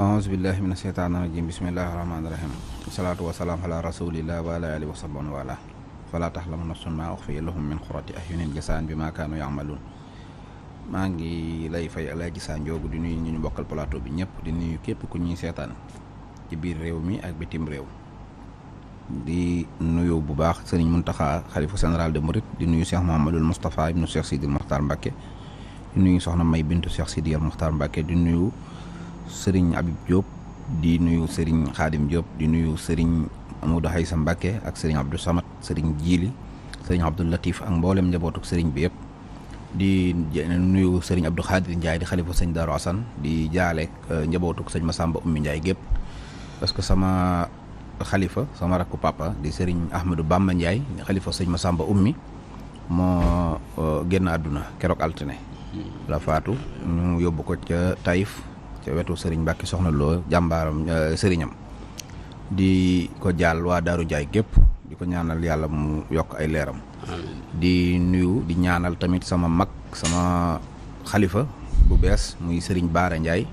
ahousubillahi mina sheytaan rajim bismillahi rahmaani rahim salaatu wasalaam ala rasulillah wa ala alihi wa sahbihi wa ala fala taxlamu nafsun maa uxfiya lahum bi maa kaanu yamaluun maa ngi lay fay alay gisaan joogu di nuyu ñu ñu bokkal plateau bi ñëpp di nuyu képp ku ñuy seetaan ci biir réew mi ak bitim réew di nuyu bu baax sëriñ Muntaxa xalifa général de Mouride di nuyu Cheikh Mouhamadul Moustapha ibnu Cheikh Sidil Mokhtar Mbacke di soxna May bintu Cheikh Sidil Mokhtar di nuyu sëriñ Abib Diop di nuyu sëriñ Xaadim Diop di nuyu sëriñ Amadou Haysa Mbacke ak sëriñ Abdou samat sëriñ Jiili sëriñ Abdou Latif ak mboolem njabootuk sëriñ bi yëpp di nuyu sëriñ Abdou Khadir Ndiaye di xalifa sëñ Darou Assane di jaaleek euh, njabootuk sëñ Massamba Oumy Ndiaye gépp parce que sama xalifa sama rakku papa di sëriñ Ahmadou Bamba Ndiaye di xalifa sëñ Massamba Oumy moo euh, génn àdduna keroog altine hmm. la faatu ñu yóbbu ko ca Taïf ca wetu sëriñ Mbàkke soxna loo jàmbaaram euh, sëriñam di ko jaal waa daaru jaay gépp di ko ñaanal yàlla mu yokk ay leeram di nuyu di ñaanal tamit sama mag sama xalifa bu bees muy sëriñ Baara Ndiaye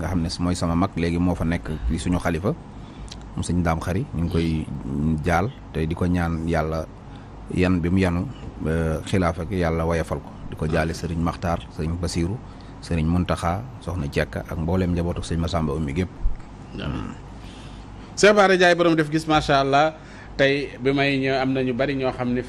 nga xam ne mooy sama mag léegi moo fa nekk suñu xalifa mu sëñ daam xari ñu ngi koy jaal te di ko ñaan yàlla yan bi mu yanu euh, xilaaf ak yàlla wayafal ko di ko jaale sëriñ Maxtaar sëriñ Basiiru sëriñ Muntaxa soxna Jekka ak mbooleem njabootu sëñ Masamba Oumy gépp Cheikh Bara Ndiaye borom def gis macha allah tey bi may ñëw am na ñu bari ñoo xam ni